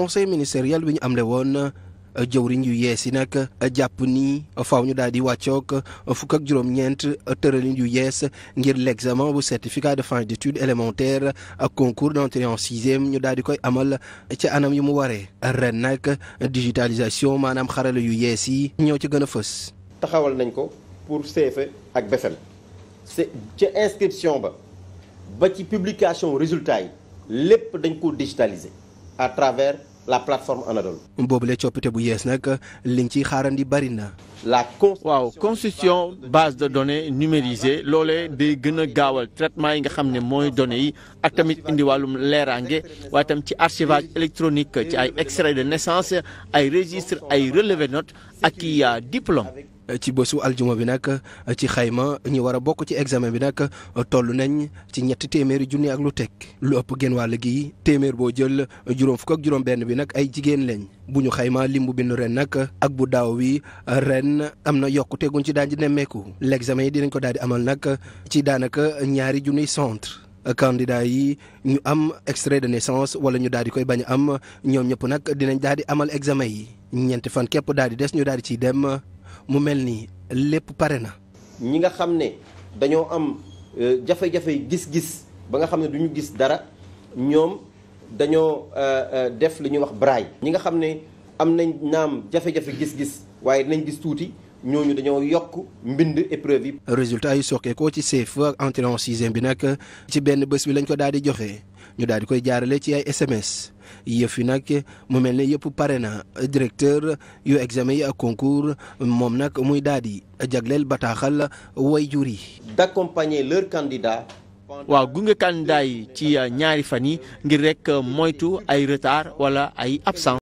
conseil ministériel bi ñu am le woon euh, jëwriñ yu yees yi nag euh, jàpp nii faw ñu daal di wàccoog euh, fukk ak juróom-ñeent tëralin yu yees ngir l'examen bu certificat de fin d'études élémentaires ak concours d'entrée en sixième ñu daal di koy amal ci anam yi mu waree ren nag digitalisation maanaam xarala yu yees yi ñoo ci gën a fës. taxawal nañ ko pour CFEE ak BFEM c'est ca inscription ba ba ci publication résultat yi lépp dañ ko digitaliser la plateforme Anadolu. boobule coppite bu yees nag liñ ciy xaarandi bari na. la con. waaw constitution base de données numérisée loole day gën a gaawal traitement yi nga xam ne mooy données yi ak tamit indi wàllum leeraange waaye tam ci archivage électronique ci ay extraits de naissance ay registres ay relevé notes ak i ah, diplôme. ci bésu aljuma bi nag ci xayma ñi war a bokk ci examen bi nag toll nañ ci ñetti téeméeri junni ak lu teg lu ëpp genn wàll gi téeméer boo jël juróom fukk ak juróom benn bi nag ay jigéen lañ bu ñu xayma lim bu bindu ren nag ak bu daaw wi ren am na yokkute guñ ci daan ji nemmeeku l'examen yi dinañ ko daal di amal nag ci daanaka ñaari junniy centre candidat yi ñu am extrait de naissance wala ñu daal di koy bañ a am ñoom ñëpp nag dinañ daal di amal examen yi ñeenti fan képp daal di des ñu daal di ciy dem mu mel nii lépp pare na. ñi nga xam ne dañoo am euh, jafe-jafe gis-gis ba nga xam ne du ñu gis dara ñoom dañoo euh, euh, def li ñuy wax braille. ñi nga xam ne am nañ naam jafe-jafe gis-gis waaye dinañ gis tuuti. ñooñu dañoo yokk mbind épreuve yi. résultat yi sokkeekoo ci CFEE entrée en sixième bi nag ci benn bés bi lañ ko daal di joxee ñu daal di koy jaarale ci ay SMS. yëf yi nag mu mel ni yëpp pare na directeur yu examen yi ak concours moom nag muy daal di jagleel bataaxal waajur yi. d'accompagner leur candidat. waaw gunge candidat yi ci ñaari fan yi ngir rek moytu ay retard wala ay absence.